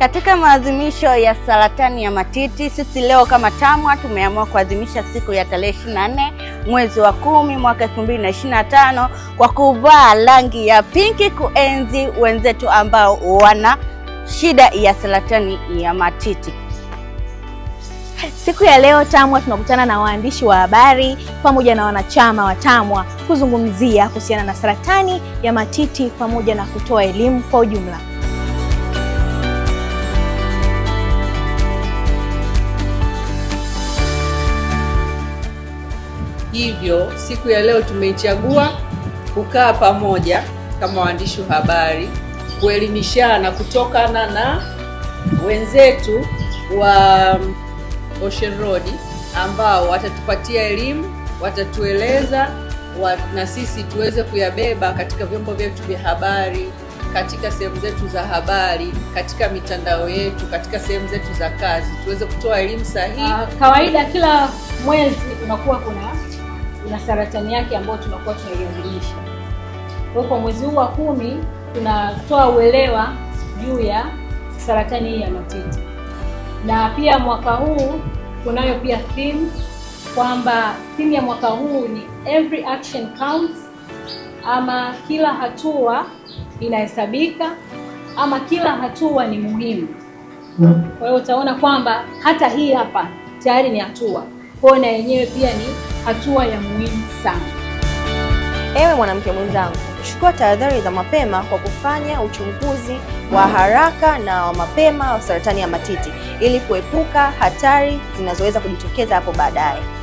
Katika maadhimisho ya saratani ya matiti, sisi leo kama TAMWA tumeamua kuadhimisha siku ya tarehe 24 mwezi wa kumi mwaka 2025 kwa kuvaa rangi ya pinki kuenzi wenzetu ambao wana shida ya saratani ya matiti. Siku ya leo TAMWA tunakutana na waandishi wa habari pamoja na wanachama wa TAMWA kuzungumzia kuhusiana na saratani ya matiti pamoja na kutoa elimu kwa ujumla. hivyo siku ya leo tumeichagua kukaa pamoja kama waandishi wa habari kuelimishana kutokana na wenzetu wa um, Ocean Road ambao watatupatia elimu, watatueleza wat, na sisi tuweze kuyabeba katika vyombo vyetu vya habari, katika sehemu zetu za habari, katika mitandao yetu, katika sehemu zetu za kazi, tuweze kutoa elimu sahihi. Ah, kawaida kila mwezi unakuwa kuna na saratani yake ambayo tunakuwa tunaiadhimisha. Kwa kwa mwezi huu wa kumi tunatoa uelewa juu ya saratani hii ya matiti, na pia mwaka huu kunayo pia theme kwamba theme ya mwaka huu ni every action counts, ama kila hatua inahesabika, ama kila hatua ni muhimu. Kwa hiyo utaona kwamba hata hii hapa tayari ni hatua kwao, na yenyewe pia ni hatua ya muhimu sana. Ewe mwanamke mwenzangu, chukua tahadhari za mapema kwa kufanya uchunguzi wa haraka na wa mapema wa saratani ya matiti ili kuepuka hatari zinazoweza kujitokeza hapo baadaye.